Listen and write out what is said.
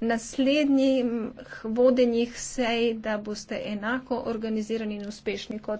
naslednjih vodenjih sej, da boste enako organizirani in uspešni kot